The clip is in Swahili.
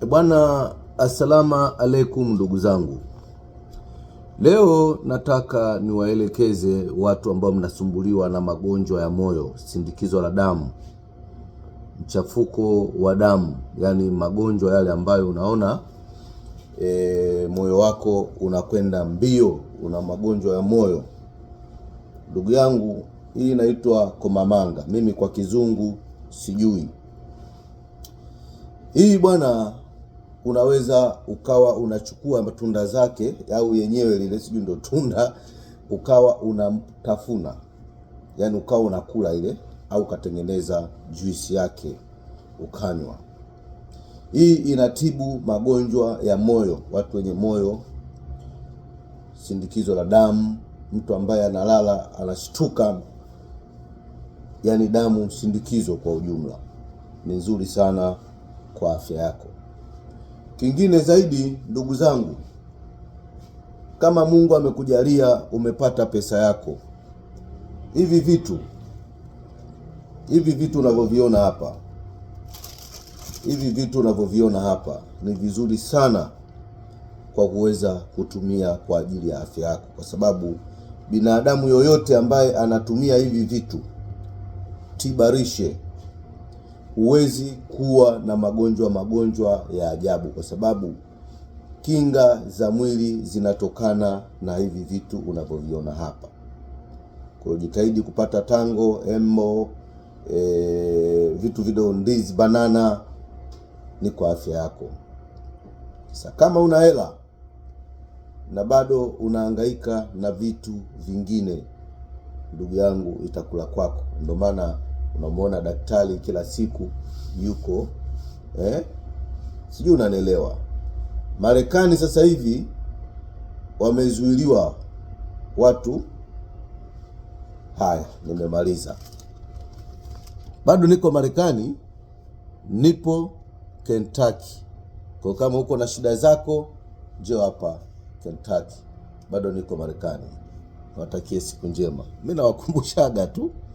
Bwana, assalama alaikum ndugu zangu. Leo nataka niwaelekeze watu ambao mnasumbuliwa na magonjwa ya moyo, sindikizo la damu, mchafuko wa damu, yaani magonjwa yale ambayo unaona e, moyo wako unakwenda mbio, una magonjwa ya moyo. Ndugu yangu, hii inaitwa komamanga, mimi kwa kizungu sijui hii bwana unaweza ukawa unachukua matunda zake au yenyewe lile sijui ndo tunda, ukawa unamtafuna, yani ukawa unakula ile, au ukatengeneza juisi yake ukanywa. Hii inatibu magonjwa ya moyo, watu wenye moyo, sindikizo la damu, mtu ambaye analala anashtuka, yani damu sindikizo, kwa ujumla ni nzuri sana kwa afya yako. Kingine zaidi, ndugu zangu, kama Mungu amekujalia umepata pesa yako, hivi vitu hivi vitu unavyoviona hapa, hivi vitu unavyoviona hapa ni vizuri sana kwa kuweza kutumia kwa ajili ya afya yako, kwa sababu binadamu yoyote ambaye anatumia hivi vitu tibarishe huwezi kuwa na magonjwa magonjwa ya ajabu, kwa sababu kinga za mwili zinatokana na hivi vitu unavyoviona hapa. Kwa hiyo jitahidi kupata tango, emmo, e, vitu vidogo, ndizi, banana ni kwa afya yako. Sasa kama una hela na bado unahangaika na vitu vingine, ndugu yangu, itakula kwako. Ndio maana unamwona daktari kila siku yuko eh? Sijui unanielewa. Marekani sasa hivi wamezuiliwa watu. Haya, nimemaliza. Bado niko Marekani, nipo Kentucky. Kwa kama uko na shida zako, njoo hapa Kentucky. Bado niko Marekani. Nawatakie siku njema. Mimi nawakumbushaga tu.